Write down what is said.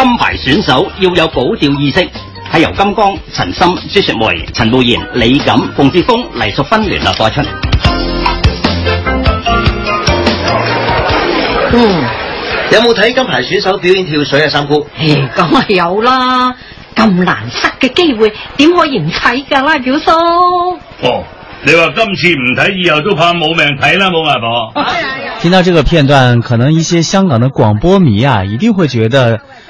金牌選手要有保釣意識，係由金剛、陳森、朱雪梅、陳慕賢、李錦、馮志峰、黎淑芬聯立播出。嗯，有冇睇金牌選手表演跳水啊？三姑，梗係有啦，咁難失嘅機會，點可以唔睇噶啦？表叔。哦，你話今次唔睇，以後都怕冇命睇啦，冇係噃。聽到呢個片段，可能一些香港嘅廣播迷啊，一定會覺得。